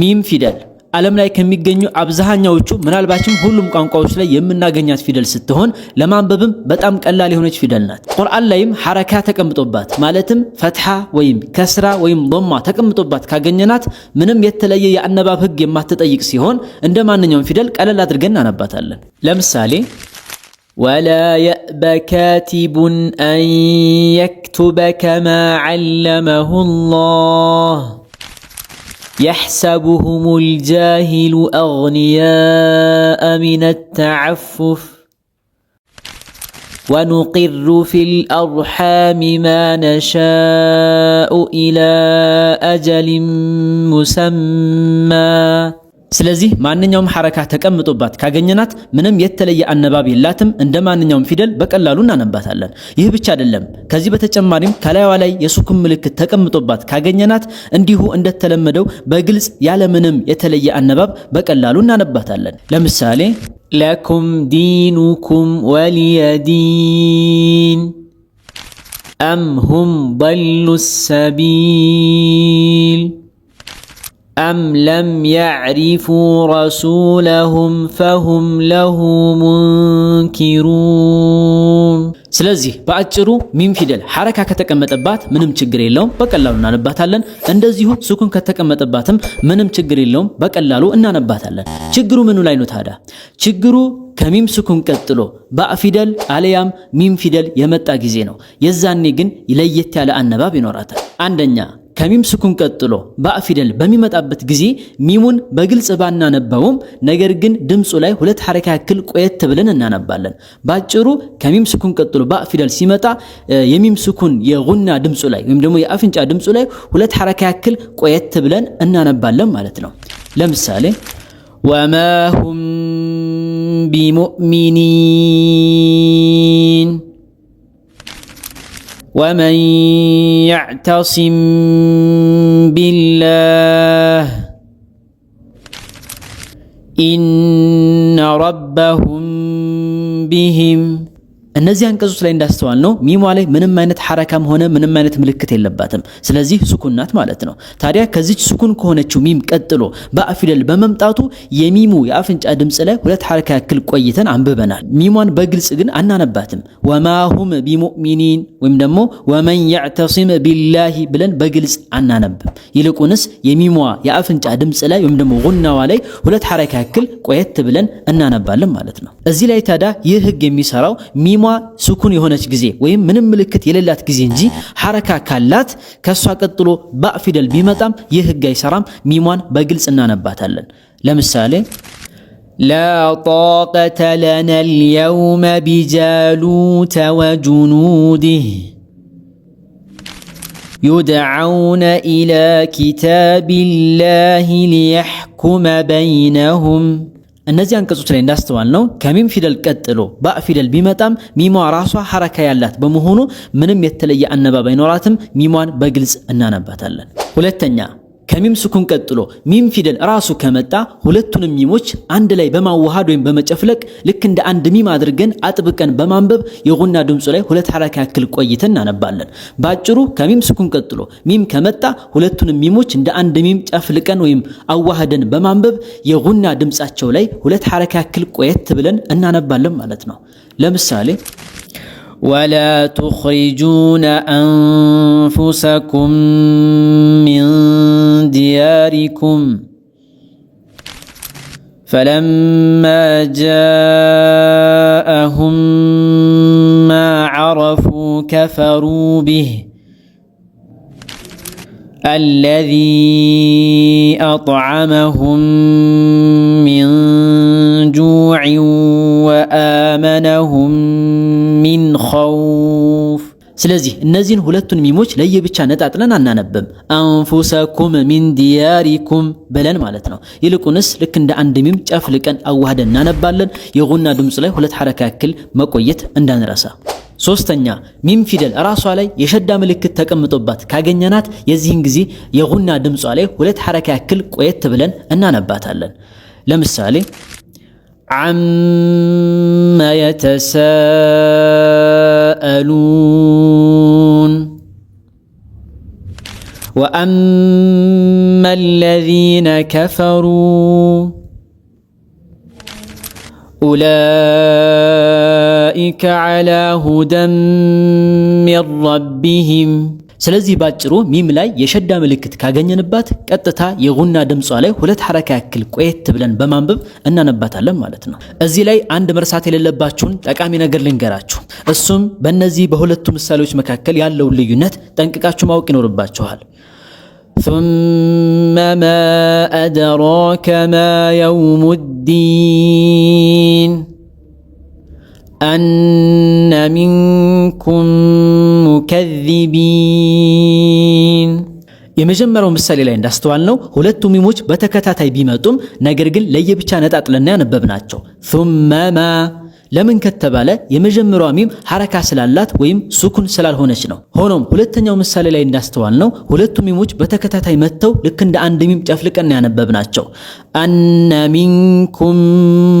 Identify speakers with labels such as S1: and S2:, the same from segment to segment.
S1: ሚም ፊደል ዓለም ላይ ከሚገኙ አብዛኛዎቹ ምናልባችም ሁሉም ቋንቋዎች ላይ የምናገኛት ፊደል ስትሆን ለማንበብም በጣም ቀላል የሆነች ፊደል ናት። ቁርአን ላይም ሐረካ ተቀምጦባት ማለትም ፈትሓ ወይም ከስራ ወይም ዶማ ተቀምጦባት ካገኘናት ምንም የተለየ የአነባብ ሕግ የማትጠይቅ ሲሆን እንደ ማንኛውም ፊደል ቀለል አድርገን እናነባታለን። ለምሳሌ ወላ የእበ ካቲቡን አን የክቱበ ከማ ዐለመሁ ላህ يحسبهم الجاهل اغنياء من التعفف ونقر في الارحام ما نشاء الى اجل مسمى ስለዚህ ማንኛውም ሐረካ ተቀምጦባት ካገኘናት ምንም የተለየ አነባብ የላትም። እንደ ማንኛውም ፊደል በቀላሉ እናነባታለን። ይህ ብቻ አይደለም። ከዚህ በተጨማሪም ከላይዋ ላይ የሱኩን ምልክት ተቀምጦባት ካገኘናት እንዲሁ እንደተለመደው በግልጽ ያለምንም የተለየ አነባብ በቀላሉ እናነባታለን። ለምሳሌ ለኩም ዲኑኩም ወሊየዲን አም ሁም ضሉ ሰቢል አም ለም ያዕሪፉ ረሱለሁም ፈሁም ለሁ منكرون ስለዚህ በአጭሩ ሚም ፊደል ሐረካ ከተቀመጠባት ምንም ችግር የለውም፣ በቀላሉ እናነባታለን። እንደዚሁ ሱኩን ከተቀመጠባትም ምንም ችግር የለውም፣ በቀላሉ እናነባታለን። ችግሩ ምኑ ላይ ነው ታዲያ? ችግሩ ከሚም ሱኩን ቀጥሎ ባእ አለያም ሚም ፊደል የመጣ ጊዜ ነው። የዛኔ ግን ለየት ያለ አነባብ ይኖራታል። አንደኛ ከሚም ስኩን ቀጥሎ ባእ ፊደል በሚመጣበት ጊዜ ሚሙን በግልጽ ባናነበውም፣ ነገር ግን ድምፁ ላይ ሁለት ሐረካ ያክል ቆየት ብለን እናነባለን። ባጭሩ ከሚም ስኩን ቀጥሎ ባእ ፊደል ሲመጣ የሚም ስኩን የጉና ድምፁ ላይ ወይም ደግሞ የአፍንጫ ድምፁ ላይ ሁለት ሐረካ ያክል ቆየት ብለን እናነባለን ማለት ነው። ለምሳሌ ወማ ሁም ቢሙእሚኒን ومن يعتصم بالله ان ربهم بهم እነዚህ አንቀጾች ላይ እንዳስተዋል ነው ሚሟ ላይ ምንም አይነት ሐረካም ሆነ ምንም አይነት ምልክት የለባትም። ስለዚህ ሱኩን ናት ማለት ነው። ታዲያ ከዚች ሱኩን ከሆነችው ሚም ቀጥሎ ባእ ፊደል በመምጣቱ የሚሙ የአፍንጫ ድምፅ ላይ ሁለት ሐረካ ያክል ቆይተን አንብበናል። ሚሟን በግልጽ ግን አናነባትም። ወማሁም ቢሙእሚኒን ወይም ደግሞ ወመን ያዕተሲም ቢላሂ ብለን በግልጽ አናነብም። ይልቁንስ የሚሟ የአፍንጫ ድምፅ ላይ ወይም ደግሞ ጉናዋ ላይ ሁለት ሐረካ ያክል ቆየት ብለን እናነባለን ማለት ነው። እዚህ ላይ ታዲያ ይህ ህግ የሚሰራው ሚሟ ስሟ ስኩን የሆነች ጊዜ ወይም ምንም ምልክት የሌላት ጊዜ እንጂ ሐረካ ካላት ከሷ ቀጥሎ ባ ፊደል ቢመጣም ይህ ህግ አይሰራም። ሚሟን በግልጽ እናነባታለን። ለምሳሌ ላ ጣቀተ ለና ልየውመ ቢጃሉተ ወጁኑዲህ ዩድዓውነ ኢላ ኪታቢላሂ ሊየሕኩመ በይነሁም እነዚህ አንቀጾች ላይ እንዳስተዋል ነው ከሚም ፊደል ቀጥሎ ባ ፊደል ቢመጣም ሚሟ ራሷ ሐረካ ያላት በመሆኑ ምንም የተለየ አነባብ አይኖራትም። ሚሟን በግልጽ እናነባታለን። ሁለተኛ ከሚም ስኩን ቀጥሎ ሚም ፊደል ራሱ ከመጣ ሁለቱንም ሚሞች አንድ ላይ በማዋሃድ ወይም በመጨፍለቅ ልክ እንደ አንድ ሚም አድርገን አጥብቀን በማንበብ የጉና ድምፁ ላይ ሁለት ሐረካ ያክል ቆይተን እናነባለን። ባጭሩ ከሚም ስኩን ቀጥሎ ሚም ከመጣ ሁለቱንም ሚሞች እንደ አንድ ሚም ጨፍልቀን ወይም አዋህደን በማንበብ የጉና ድምፃቸው ላይ ሁለት ሐረካ ያክል ቆየት ብለን እናነባለን ማለት ነው። ለምሳሌ ወላ ቱኽሪጁነ አንፉሰኩም ሚን دياركم فلما جاءهم ما عرفوا كفروا به الذي اطعمهم من جوع وامنهم من خوف ስለዚህ እነዚህን ሁለቱን ሚሞች ለየብቻ ነጣጥለን አናነብም። አንፉሰኩም ሚን ዲያሪኩም ብለን ማለት ነው። ይልቁንስ ልክ እንደ አንድ ሚም ጨፍልቀን አዋህደን እናነባለን። የጉና ድምፅ ላይ ሁለት ሐረካ ያክል መቆየት እንዳንረሳ። ሶስተኛ ሚም ፊደል ራሷ ላይ የሸዳ ምልክት ተቀምጦባት ካገኘናት የዚህን ጊዜ የጉና ድምጿ ላይ ሁለት ሐረካ ያክል ቆየት ብለን እናነባታለን። ለምሳሌ عما يتساءلون واما الذين كفروا اولئك على هدى من ربهم ስለዚህ ባጭሩ ሚም ላይ የሸዳ ምልክት ካገኘንባት ቀጥታ የጉና ድምጿ ላይ ሁለት ሐረካ ያክል ቆየት ብለን በማንበብ እናነባታለን ማለት ነው። እዚህ ላይ አንድ መርሳት የሌለባችሁን ጠቃሚ ነገር ልንገራችሁ። እሱም በእነዚህ በሁለቱ ምሳሌዎች መካከል ያለውን ልዩነት ጠንቅቃችሁ ማወቅ ይኖርባችኋል። ثم ما أدراك ما يوم الدين أن منكم ሙከዚቢን። የመጀመሪያው ምሳሌ ላይ እንዳስተዋልነው ሁለቱ ሚሞች በተከታታይ ቢመጡም ነገር ግን ለየብቻ ነጣጥለና ያነበብናቸው ثم ما ለምን ከተባለ የመጀመሪያዋ ሚም ሐረካ ስላላት ወይም ሱኩን ስላልሆነች ነው። ሆኖም ሁለተኛው ምሳሌ ላይ እንዳስተዋል ነው ሁለቱ ሚሞች በተከታታይ መጥተው ልክ እንደ አንድ ሚም ጨፍልቀን ያነበብ ናቸው። አነ ሚንኩም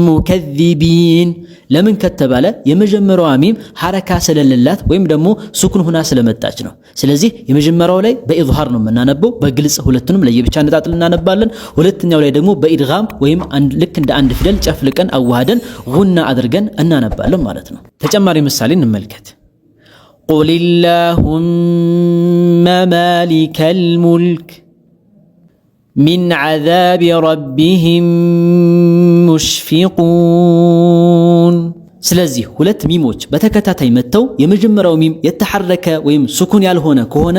S1: ሙከዚቢን ለምን ከተባለ የመጀመሪያዋ ሚም ሐረካ ስለሌላት ወይም ደግሞ ሱኩን ሁና ስለመጣች ነው። ስለዚህ የመጀመሪያው ላይ በኢዝሃር ነው የምናነበው፣ በግልጽ ሁለቱንም ለየብቻ ነጣጥል እናነባለን። ሁለተኛው ላይ ደግሞ በኢድጋም ወይም ልክ እንደ አንድ ፊደል ጨፍልቀን አዋሃደን ውና አድርገን እናነባለን ማለት ነው። ተጨማሪ ምሳሌ እንመልከት። ቁል ላሁመ ማሊከል ሙልክ ሚን ዓዛቢ ረቢህም ሙሽፊቁን ስለዚህ ሁለት ሚሞች በተከታታይ መጥተው የመጀመሪያው ሚም የተሐረከ ወይም ስኩን ያልሆነ ከሆነ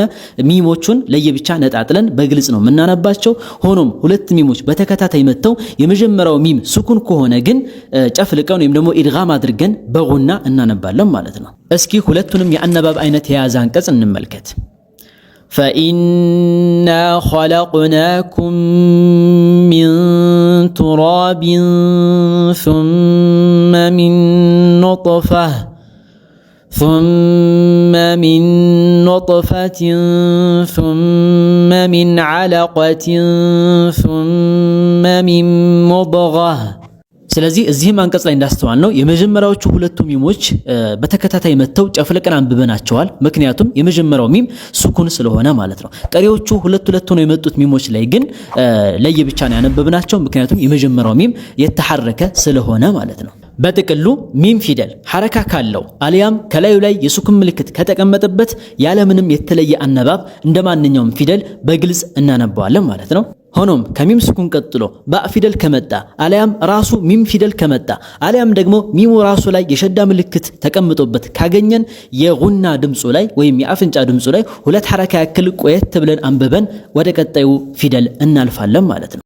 S1: ሚሞቹን ለየብቻ ነጣጥለን በግልጽ ነው የምናነባቸው። ሆኖም ሁለት ሚሞች በተከታታይ መጥተው የመጀመሪያው ሚም ስኩን ከሆነ ግን ጨፍልቀን ወይም ደግሞ ኢድጋም አድርገን በጉና እናነባለን ማለት ነው። እስኪ ሁለቱንም የአነባብ አይነት የያዘ አንቀጽ እንመልከት። فانا خلقناكم من تراب ثم من نطفه ثم من نطفه ثم من علقه ثم من مضغه ስለዚህ እዚህም አንቀጽ ላይ እንዳስተዋል ነው የመጀመሪያዎቹ ሁለቱ ሚሞች በተከታታይ መጥተው ጨፍልቀን አንብበናቸዋል። ምክንያቱም የመጀመሪያው ሚም ሱኩን ስለሆነ ማለት ነው። ቀሪዎቹ ሁለት ሁለት ሆነው የመጡት ሚሞች ላይ ግን ለየብቻ ነው ያነበብናቸው፣ ምክንያቱም የመጀመሪያው ሚም የተሐረከ ስለሆነ ማለት ነው። በጥቅሉ ሚም ፊደል ሐረካ ካለው አሊያም ከላዩ ላይ የሱኩን ምልክት ከተቀመጠበት ያለምንም የተለየ አነባብ እንደ ማንኛውም ፊደል በግልጽ እናነባዋለን ማለት ነው። ሆኖም ከሚም ስኩን ቀጥሎ ባእ ፊደል ከመጣ አሊያም ራሱ ሚም ፊደል ከመጣ አሊያም ደግሞ ሚሙ ራሱ ላይ የሸዳ ምልክት ተቀምጦበት ካገኘን የጉና ድምፁ ላይ ወይም የአፍንጫ ድምፁ ላይ ሁለት ሐረካ ያክል ቆየት ብለን አንብበን ወደ ቀጣዩ ፊደል እናልፋለን ማለት ነው።